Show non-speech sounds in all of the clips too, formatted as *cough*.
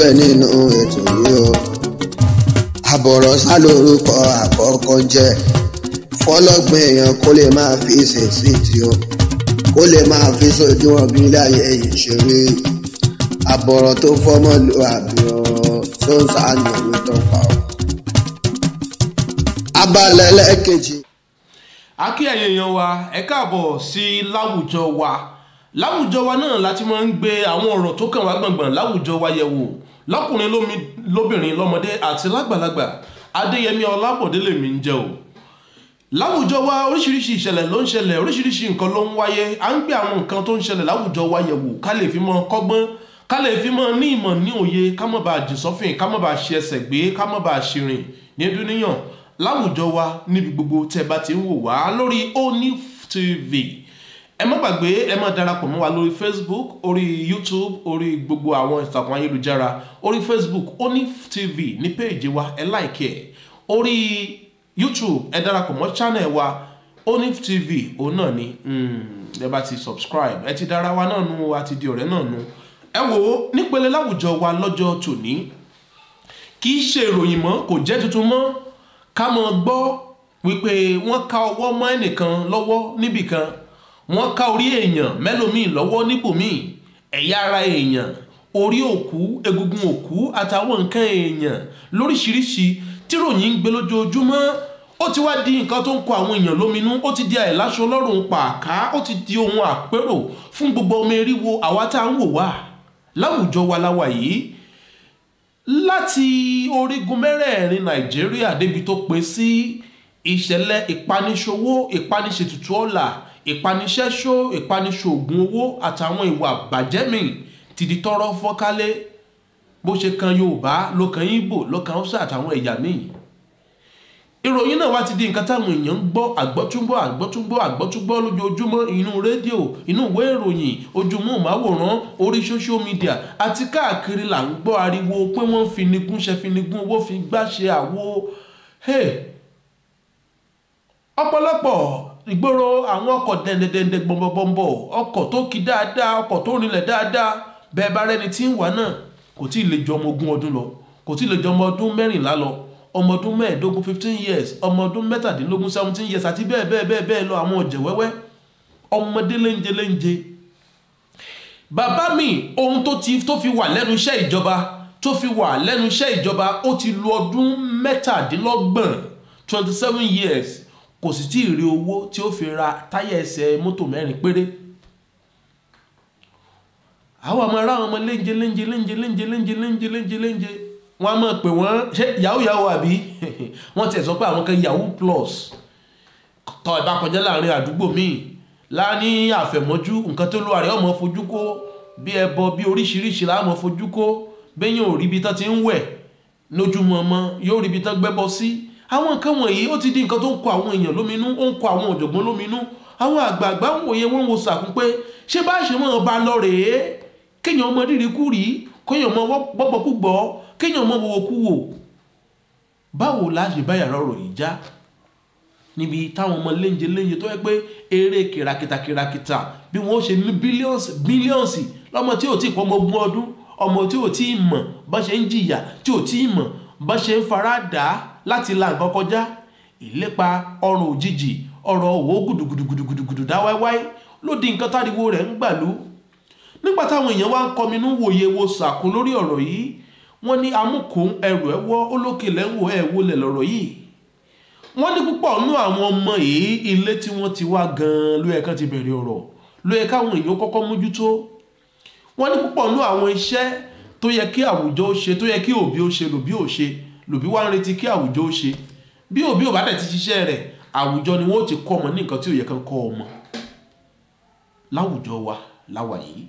bẹ nínú ètò yìí o àbọ̀rọ̀sá lórúkọ àkọ́kọ́ jẹ́ fọlọ́gbìn èèyàn kó lè máa fi ṣèṣìtì o kó lè máa fi ṣòdiwọ̀n bí láyé yìí ṣe rí àbọ̀rọ̀ tó fọ́mọ́ lu àbúrò tó ń sáànù ìwé tó pa o. abala ẹlẹ́ẹ̀kejì. akí ẹ̀yin wa ẹ káàbọ̀ sí láwùjọ wa láwùjọ wa náà láti máa ń gbé àwọn ọ̀rọ̀ tó kàn wá gbọ̀ngbọ̀n láwùjọ wa yẹ̀ wò lọ́kùnrin lómi lóbìnrin lọ́mọdé àti lágbàlagbà adéyẹmí ọlábọ̀dé lèmi ń jẹ́ o láwùjọ wa oríṣiríṣi ìṣẹ̀lẹ̀ ló ń ṣẹlẹ̀ oríṣiríṣi nǹkan ló ń wáyé à ń gbé àwọn nǹkan tó ń ṣẹlẹ̀ láwùjọ wa yẹ̀wò ká lè fi mọ kọ́gbọ́n ká lè fi mọ ní ìmọ̀ ní òye ká mọ̀ bá jìn sọ́fìn ká mọ̀ bá ṣe ẹsẹ̀ gbé ká mọ̀ bá ṣe rìn ní dúníyàn láwùjọ wa níbi gbogbo tẹ́ bá ti ń wò wá lórí Oni TV ẹ má gbàgbé ẹ má darapọ̀ mọ́ wa lórí facebook orí youtube orí gbogbo àwọn ìtàkùn ayélujára orí facebook onif tv ní péèjì wa ẹ láìkí orí youtube ẹ darapọ̀ mọ́ channel wa onif tv òun náà ni hmm, ẹ bá ti subscribe ẹ ti dára wa náà nu àti di ọ̀rẹ́ náà nu ẹ wò ó nípele láwùjọ wa lọ́jọ́ tòní kì í ṣe ìròyìn mọ́ kò jẹ́ tuntun mọ́ ká mọ́ gbọ́ wípé wọ́n ka ọwọ́ mọ́ ẹnìkan lọ́wọ́ níbìkan wọ́n ká orí èèyàn mẹ́lòmíì lọ́wọ́ níbòmíì ẹ̀yà ara èèyàn orí òkú egungun òkú àtàwọn nǹkan èèyàn lóríṣiríṣi tíròyìn ń gbé lójoojúmọ́ ó ti wá di nǹkan tó ń kọ àwọn èèyàn lóminú ó ti di àìláṣọ ọlọ́run pàákà ó ti di ohun àpérò fún gbogbo ọmọ eríwo àwa tá à ń wò wá láwùjọ wa láwa yìí láti orígun mẹ́rẹ̀ẹ̀rin nàìjíríà débi tó pe sí ìṣẹ̀lẹ̀ ìpaniṣòwò ìpaniṣètùtù ọ̀la ìpaniṣẹ́ṣó ìpaniṣògùn owó àtàwọn ìwà bàjẹ́ míì ti di tọ́rọ́ fọ́nkálé bó ṣe kan yorùbá ló kan ibo ló kan hausa àtàwọn ẹ̀yà míì ìròyìn náà wá ti di nǹkan táwọn èèyàn ń gbọ́ àgbọ́túngbọ́ àgbọ́túngbọ́ àgbọ́túngbọ́ lójoojúmọ́ inú rédíò inú ìwé ìròyìn ojúmọ́ màwòrán orí social media àti káàkiri là ń gbọ́ ariwo pé wọ́n ń finigún ṣe finigún owó fi gbá ṣe àwo ọ̀pọ̀lọpọ̀ ìgboro àwọn ọkọ̀ dẹ̀ndẹ̀dẹ̀ndẹ̀ gbọ̀ngbọ̀ngbọ̀ ọkọ̀ tó kí dáadáa ọkọ̀ tó rinlẹ̀ dáadáa bẹ́ẹ̀ bá rẹni tí ń wà náà kò tí ì lè ju ọmọ ogún ọdún lọ kò tí ì lè ju ọmọ ọdún mẹ́rìnlá lọ ọmọ ọdún mẹ́ẹ̀ẹ́dógún fifteen years ọmọ ọdún mẹ́tàdínlógún seventeen years àti bẹ́ẹ̀ bẹ́ẹ̀ bẹ́ẹ̀ bẹ́ẹ̀ lọ àwọn ọ̀jẹ̀ wẹ́wẹ́ ọmọdé léńjẹ léńjẹ. bàbá mi ohun tó ti tó fi wà lẹ́nu iṣẹ́ ìjọba tó fi wà lẹ́nu iṣẹ́ ìjọba ó ti lu ọdún mẹ́tàdínlọ́gbọ̀n twenty seven years kò sì tí ì rí owó tí ó fi ra táyà ẹsẹ̀ mọ́tò mẹ́rin péré àwọn ọmọ ará ọmọ léńjé léńjé léńjé léńjé léńjé léńjé léńjé léńjé wọn a máa pè wọn ṣe yahoo yahoo àbí *laughs* wọn tiẹ̀ sọ pé àwọn kan yahoo plus tọ́ ẹ̀ bá kọjá láàrin àdúgbò míì láàní àfẹ̀mọ́jú nǹkan tó lóore ọmọ fojú kó bí ẹbọ bí oríṣiríṣi láàmọ́ fojú kó bẹ́yìn ò ríbi tán ti ń wẹ̀ lójúmọ́ ọmọ yóò ríbi tán gbẹ́bọ sí àwọn nǹkan wọ̀nyí ó ti di nǹkan tó ń kọ àwọn èèyàn lóminú ó ń kọ àwọn ọ̀jọ̀gbọ́n lóminú àwọn àgbààgbà ń wòye wọ́n wo sàkún pé ṣé bá ṣe máa ba lọ rèé kéèyàn ọmọ rírì kú rí kéèyàn ọmọ gbọ́gbọ́kú gbọ́ kéèyàn ọmọ wòwò kú wò báwo la ṣe bá yàrá ọ̀rọ̀ yìí já níbi táwọn ọmọ léńje léńje tó yẹ pé eré kìràkìtà kìràkìtà bí wọ́n ṣe ní bílíọ̀nsì bílíọ̀nsì lọ́mọ tí ò tí ì pọ́n ogún ọdún ọmọ tí ò tí ì mọ̀ bá ṣe ń jìyà tí ò tí ì mọ̀ bá ṣe ń fara láti la nǹkan kọjá ìlépa ọrùn òjijì ọ̀rọ̀ òwò gùdùgùdùgùdùgùdù dá wáíwáí ló di nǹkan táriwo rẹ̀ ń gbàlú nígbà táwọn èèyàn wá ń kọminú wòye wo sàkún lórí ọ̀rọ̀ yìí wọ́n ní amúkùn ẹrù ẹ̀ wọ́ olókè lẹ́wọ̀ ẹ̀ wọlé lọ́rọ̀ yìí wọ́n ní púpọ̀ nú àwọn ọmọ yìí ilé tí wọ́n ti wá gan-an ló yẹ kán ti bẹ̀rẹ̀ ọ̀rọ̀ ló yẹ káwọn èèyàn kọ́kọ́ mójútó wọ́n ní púpọ̀ nú àwọn iṣẹ́ tó yẹ kí àwùjọ ó ṣe tó yẹ kí òbí ó ṣe lòbí ó ṣe lòbí wá ń retí kí àwùjọ ó ṣe bí òbí ò bá tẹ̀ ti ṣiṣẹ́ rẹ̀ àwùjọ ni wọ́n ti kọ́ ọmọ ní nǹkan tí ò yẹ kán kọ́ ọmọ láwùjọ wa láwà yìí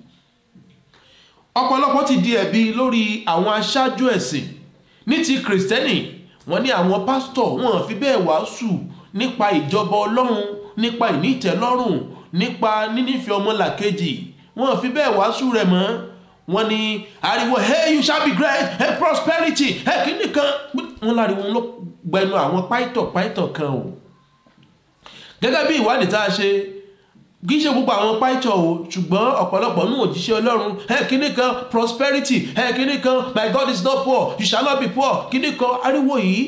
ọ̀pọ̀lọpọ̀ ti di ẹ̀bi lórí àwọn aṣáájú ẹ̀sìn ní ti kìrìsìtẹ́nì wọ́n ní àwọn pásítọ̀ wọn fi bẹ́ẹ̀ wàásù nípa ìjọba ọlọ́run nípa ìní ìtẹ́lọ́rùn nípa nínífẹ̀ẹ́ ọmọlàkejì wọn fi bẹ́ẹ̀ wàásù rẹ̀ mọ́ wọ́n ní ariwo hey you shall be great hey prosperity hey kìíní kan wọ́n láriwo ló gbẹnu àwọn pàìtọ̀ pàìtọ̀ kan o gẹ́gẹ́ bí ìwádìí tá a ṣe kì í ṣe gbogbo àwọn pàìtọ̀ o ṣùgbọ́n ọ̀pọ̀lọpọ̀ nínú òjíṣẹ́ ọlọ́run ẹ kíní kan prosperity ẹ kíní kan my god is not poor you shall not be poor kíní kan ariwo yìí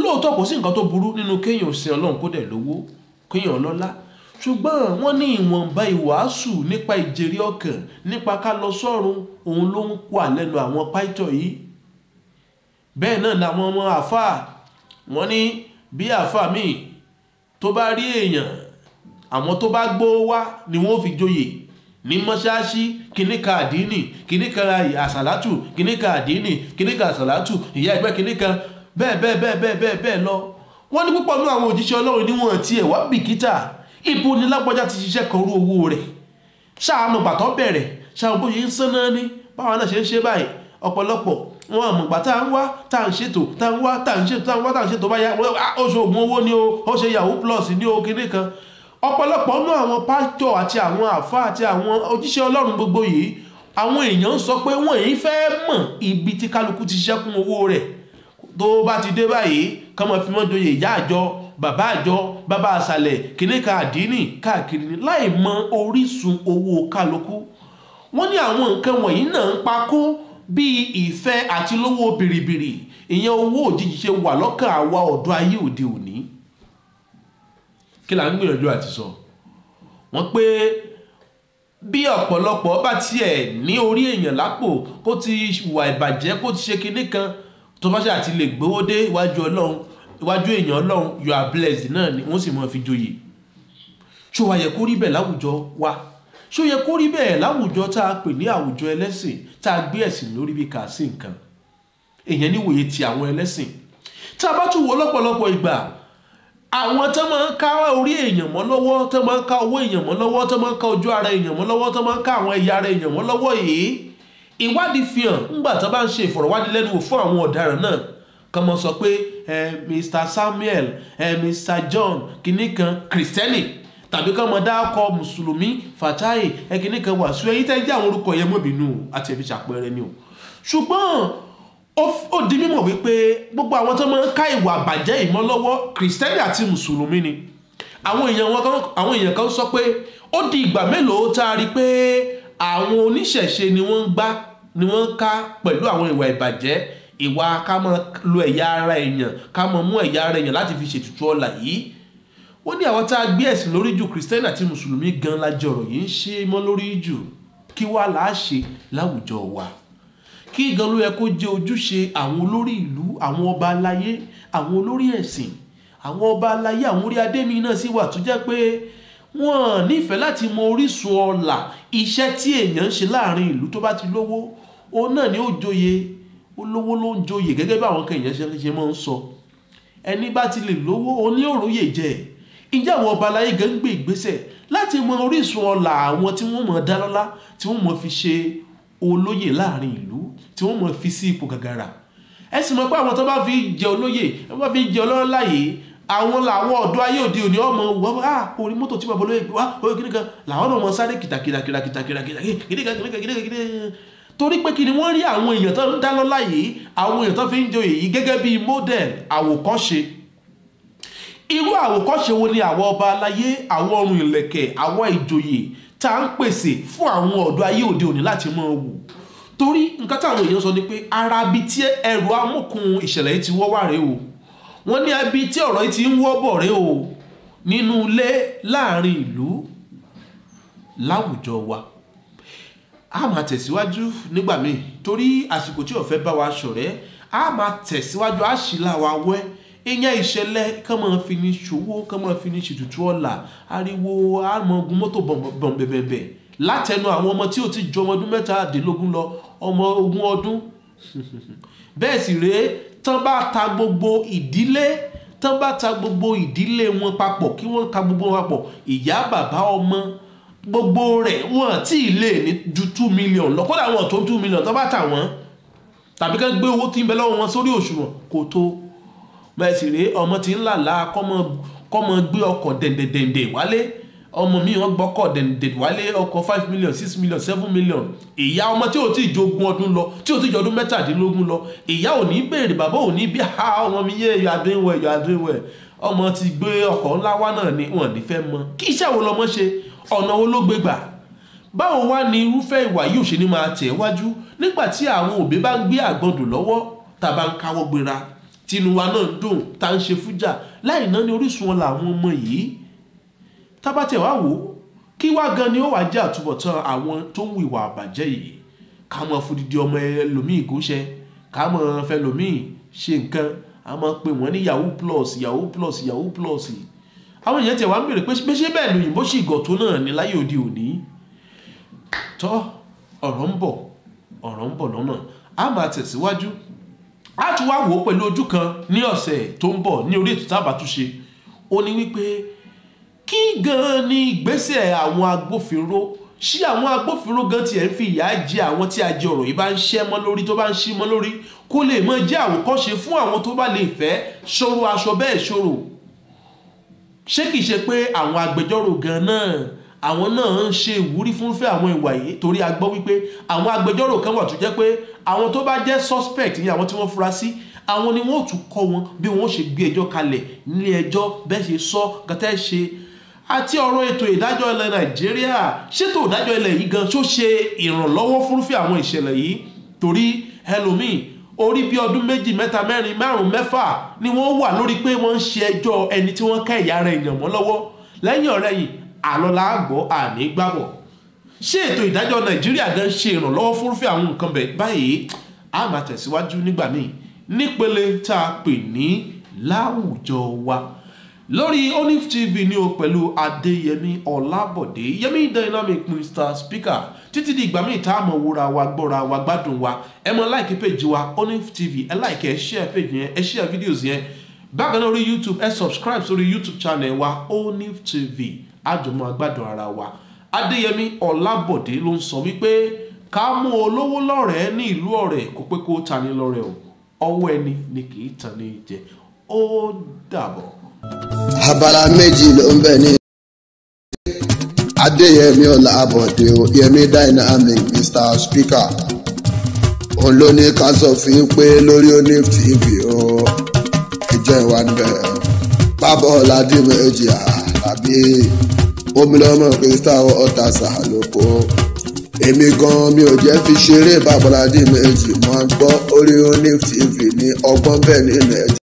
lóòótọ́ kò sí nǹkan tó burú nínú kéèyàn òsìn ọlọ́run kó dẹ̀ lówó kéèyàn ọlọ́lá ṣùgbọ́n wọ́n ní ìwọ̀nba ìwàásù nípa ìjèrè ọkàn nípa ká lọ sọ́run òun ló ń wà lẹ́nu àwọn pító yìí bẹ́ẹ̀ náà làwọn ọmọ àfáà wọ́n ní bí àfáà míì tó bá rí èèyàn àwọn tó bá gbówó wá ni wọ́n fi joyè ní mọ́ṣáláṣí kìníkà àdínì kìníkà àsàlátù kìníkà àdínì kìníkà àsàlátù ìyá ẹgbẹ́ kìníkà bẹ́ẹ̀ bẹ́ẹ̀ bẹ́ẹ̀ bẹ́ẹ̀ bẹ́ẹ̀ lọ wọ́n ní púpọ̀ nú àwọn òjíṣẹ́ ọlọ́run ni wọ́n ti ẹ̀ wá bìkítà Ibu ni lágbájá ti ṣiṣẹ́ kan rú owó rẹ̀ ṣáàánú gbàtọ́ bẹ̀rẹ̀ ṣáàánú bóyá ń sán náà ní báwọn náà ṣe ń ṣe báyìí ọ̀pọ̀lọpọ̀ wọn àmọ̀gbà tá à ń wá tá ń ṣètò tá ń wá tá ń ṣètò tá ń wá tá ń ṣètò báyà ó ṣe owó ni o ó ṣe yahoo plus ni o kinní kan ọ̀pọ̀lọpọ̀ nú àwọn pásítọ̀ àti àwọn àfa àti àwọn òjíṣẹ́ ọlọ́run gbogbo yìí àwọn èèyàn ń sọ pé wọ́n èyí fẹ́ mọ̀ ibi tí kálukú ti ṣiṣẹ́ kún owó rẹ̀ tó bá ti dé báyìí kọ́mọ fi mọ́ doyè ìyá àjọ bàbá àjọ bàbá àṣàlẹ̀ kìnìkà àdínì káàkiri ni láì mọ orísun owó kálukú wọ́n ní àwọn nǹkan wọ̀nyí náà ń pakó bíi ìfẹ́ àti lówó bìrìbìrì ìyẹn owó òjijì ṣe wà lọ́kàn àwa ọ̀dọ́ ayé òde òní kí là ń gbìyànjú àti sọ wọ́n pé bí ọ̀pọ̀lọpọ̀ bá tiẹ̀ ní orí èèyàn lápò kó ti wà ìbàjẹ́ kó ti ṣe kinní kan tó bá ṣe àti lè gbowó dé iwájú ọlọ́run iwájú èèyàn ọlọ́run you are blessed náà ni wọ́n sì mọ́ fi joyè ṣó wa yẹ kó rí bẹ́ẹ̀ láwùjọ wa ṣó yẹ kó rí bẹ́ẹ̀ láwùjọ tá a pè ní àwùjọ ẹlẹ́sìn tá a gbé ẹ̀sìn lórí bí kà sí nǹkan èèyàn níwòye ti àwọn ẹlẹ́sìn tá a bá tún wo lọ́pọ̀lọpọ̀ ìgbà àwọn tó máa ń ká orí èèyàn mọ́ lọ́wọ́ tó máa ń ká owó èèyàn mọ́ lọ́wọ́ tó máa ń ká ojú ara èèyàn mọ́ lọ́wọ́ tó máa ń ká àwọn ẹ̀yà ara èèyàn mọ́ lọ́wọ́ yìí ìwádìí fi hàn ńgbà tó bá ń ṣe ìfọ̀rọ̀wánilẹ́nuwò fún àwọn ọ̀daràn náà kọ́mọ sọ pé ẹ mr samuel ẹ mr john kìnnìkan kristẹni tàbí kọ́mọ dákọ mùsùlùmí fatai ẹ kìnnìkan wàásù ẹyí tẹ́ jẹ́ àwọn orúkọ yẹn mọ́bìnú àti ẹ̀fí ṣàpẹẹrẹ ni o ṣùgbọ́n ó di mímọ̀ wípé gbogbo àwọn tó máa ń ká ìwà àbàjẹ́ ìmọ̀ lọ́wọ́ kristẹni àti mùsùlùmí ni àwọn èèyàn kan sọ pé ó di ìgbà mélòó tá a rí pé àwọn oníṣẹ̀ṣe ni wọ́n ń gbá ni wọ́n ń ká pẹ̀lú àwọn ìwà ìbàjẹ́ ìwà ká mọ lo ẹ̀yà ara èèyàn ká mọ mú ẹ̀yà ara èèyàn láti fi ṣètùtù ọ̀la yìí ó ní àwọn tá a gbé ẹ̀sìn lórí jù kristẹni àti mùsùlùmí gan la jẹ ọ̀rọ̀ yìí ń ṣe mọ́ lórí jù kí wá là á ṣe láwùjọ wa kí gan ló yẹ kó jẹ ojúṣe àwọn olórí ìlú àwọn ọba aláyé àwọn olórí ẹ̀sìn àwọn ọba aláyé àwọn orí adémi náà sì wà tó jẹ́ pé wọ́n nífẹ̀ẹ́ láti mọ orísun ọ̀la iṣẹ́ tí èèyàn ń ṣe láàrin ìlú tó bá ti lówó òun náà ni ó joyè olówó ló ń joyè gẹ́gẹ́ bí àwọn kan ìyẹn ṣe máa ń sọ ẹni bá ti lè lówó oní òróyè jẹ ǹjẹ́ àwọn ọba aláyé gan ń gbé ìgbésẹ̀ láti mọ orísun ọlà àwọn tí wọ́n mọ̀ dá lọ́lá tí wọ́n mọ̀ fi ṣe olóyè láàrin ìlú tí wọ́n mọ̀ fi sí ipò gàgàrà ẹ sì mọ̀ pé àwọn tó bá fi jẹ olóyè tó bá fi jẹ ọlọ́lá yìí àwọn làwọn ọ̀dọ́ ayé òde òní ọmọ wọ́n á orí mọ́tò tí bàbá olóyè wá orí kìnìkan làwọn náà mọ sáré kìtàkìtà torí pé kí ni wọ́n rí àwọn èèyàn tó ń dá lọ́lá àwọn èèyàn tó fi ń joyè yìí gẹ́gẹ́ bíi model àwòkọ́ṣe irú àwòkọ́ṣe wo ni àwọn ọba aláyé àwọn ọrùn ìlẹ̀kẹ̀ àwọn ìjòyè tá à ń pèsè fún àwọn ọ̀dọ́ ayé òde òní láti mọ wù torí nǹkan táwọn èèyàn sọ ni pé ara bi tí ẹrù amúkun ìṣẹ̀lẹ̀ yìí ti wọ́ wà rèé o wọ́n ní abi tí ọ̀rọ̀ yìí ti ń wọ́ bọ̀ rèé o nínú ilé láàrin ìlú láwùjọ wa a máa tẹ̀síwájú nígbà míì torí àsìkò tí ọ̀fẹ́ bá wa ṣọ̀rẹ́ a máa tẹ̀síwájú a sì là wá wẹ́ ìyẹn ìṣẹ̀lẹ̀ kán máa fi ní ṣòwò kán máa fi ní ṣètùtù ọ̀la ariwo àmọ̀gùn mọ́tò bọ̀m̀bẹ̀bẹ̀ látẹnu àwọn ọmọ tí ò ti ju ọmọ ọdún mẹ́tàdínlógún lọ ọmọ ogún ọdún *laughs* bẹ́ẹ̀ sì rèé tán bá ta gbogbo ìdílé tán bá ta gbogbo ìdílé wọn papọ̀ kí wọ́n ka gbogbo wọn papọ̀ ìyá gbogbo rẹ̀ wọ́n tí ì lè ní ju two million lọ kódà wọ́n tó two million tó bá tà wọ́n tàbí ká gbé owó tí ń bẹ lọ́wọ́ wọn sórí òṣùwọ̀n kò tó bẹ́ẹ̀ sì rèé ọmọ tí ń làlá kọ́mọ gbé ọkọ̀ dẹ̀ndẹ̀dẹ̀ndẹ̀ wálé ọmọ mi wọn gbọ́kọ̀ dẹ̀ndẹ̀dẹ̀ wálé ọkọ̀ five million six million seven million ìyá ọmọ tí ò tí ì jogún ọdún lọ tí ò tí ì jọdún mẹ́tàdínlógún lọ ìyá ò ní béèrè bàbá ò ní bí ọmọ ti gbé ọkọ̀ ńlá wá náà ni wọn ní fẹ́ mọ kí iṣẹ́ wo lọmọ ṣe ọ̀nà wo ló gbé gbà báwo wá ni irúfẹ́ ìwà yìí ò ṣe ní máa tẹ̀ wájú nígbà tí àwọn òbí bá ń gbé àgbọ̀dùn lọ́wọ́ tàbá ń káwọ́ gbéra tinuwa náà ń dùn tá ń ṣe fújà láì náà ní orísun wọn làwọn ọmọ yìí tábàtẹ̀ wá wò ó kí wá gan ni ó wàá jẹ́ àtúbọ̀tán àwọn tó ń wìwà àbàjẹ́ yìí ká mọ fúdìdí ọmọ ẹlòmíì kó ṣe ká mọ fẹlòmíì ṣe nǹkan a máa ń pè wọ́n ní yahoo plus yahoo plus yahoo plus àwọn èèyàn tiẹ̀ wá ń bèrè pé ṣé bẹ́ẹ̀ lóyìnbó ṣì gọ̀tó náà ní láyé òde òní tọ́ ọ̀rọ̀ ń bọ̀ ọ̀rọ̀ ń bọ̀ lọ́nà a máa tẹ̀síwájú a tún wá wò ó pẹ̀lú ojú kan ní ọ̀sẹ̀ tó ń bọ̀ ní orí ètò tábà túnṣe ó ní wípé kí gan-an ni ìgbésẹ̀ àwọn agbófinró ṣé àwọn agbófinró gan tiẹ̀ ń fi ìyà jẹ àwọn tí ajé ọ̀rọ̀ yìí bá ń ṣẹ́ mọ́ lórí tó bá ń ṣí mọ́ lórí kó lè mọ jẹ́ àwòkọ́ṣe fún àwọn tó bá lè fẹ́ ṣòro aṣọ bẹ́ẹ̀ ṣòro ṣé kìí ṣe pé àwọn agbẹjọ́rò gan náà àwọn náà ń ṣe ìwúrí fúnfẹ́ àwọn ìwà yìí torí a gbọ́ wípé àwọn agbẹjọ́rò kan wà tó jẹ́ pé àwọn tó bá jẹ́ suspect ní àwọn tí wọ́n fura sí àwọn ni wọ́n ò tún kọ́ wọn bí wọ́n ṣe gbé ẹjọ́ kalẹ̀ nílé ẹjọ́ bẹ́ẹ̀ ṣe sọ gàtẹ́ ṣe àti ọ̀rọ̀ ètò ìdájọ́ ilẹ̀ nàìjíríà ṣètò ìdájọ́ ilẹ̀ yìí gan tó ṣe ìrànlọ́wọ́ fúnfẹ́ àwọn ìṣẹ̀lẹ̀ yìí torí ẹlòmíì orí bíi ọdún méjì mẹ́ta mẹ́rin márùn-ún mẹ́fà ni wọ́n wà lórí pé wọ́n ń ṣe ẹjọ́ ẹni tí wọ́n ká ìyá rẹ̀ èèyàn mọ́ lọ́wọ́ lẹ́yìn ọ̀rẹ́yìn àlọ́lá àgbọ̀ àní gbàbọ̀ ṣé ètò ìdájọ́ nàìjíríà gan ṣe ìrànlọ́wọ́ fúnfẹ́ àwọn nǹkan bẹ̀ báyìí a máa tẹ̀síwájú nígbà míì nípele tá a pè ní láwùjọ wa lórí olive tv ni o pẹ̀lú adéyẹmí ọ̀làbọ̀dé yẹmí dynamic mr speaker títí di ìgbà míì tá a mọ̀ wúra wa gbọ́ra wa gbádùn wa ẹ mọ láìkí péjì wa olive tv ẹ láìkí ẹ ṣíà péjì yẹn ẹ ṣíà fídíòs yẹn bákan náà orí youtube ẹ subscribe sórí youtube channel wa olive tv àjọmọ́ agbádùn ara wa adéyẹmí ọ̀làbọ̀dé ló ń sọ wípé ká mú olówó lọ́rẹ̀ẹ́ ní ìlú ọ̀rẹ́ kó pé kó tani lọ́rẹ̀ o ọwọ́ ẹni ni kì í tani jẹ ó dàbọ̀ abala méjì ló ń bẹ ní adéyẹmí ọlá àbọ̀dé o yẹmí dynamic mr speaker òun ló ní ká sọ fún yín pé lórí onif tv o ìjọ ìwà níbẹ̀ bábọ̀ ọ̀làdìmọ̀ èjì àbí omilọ́mọ kristal ọ̀tà sàlóko èmi gan mi ò jẹ́ fi ṣeré bábọ̀ ọ̀làdìmọ̀ èjì mọ́ gbọ́ orí onif tv ní ọgbọ́n bẹ́ẹ̀ ní nàìjíríà.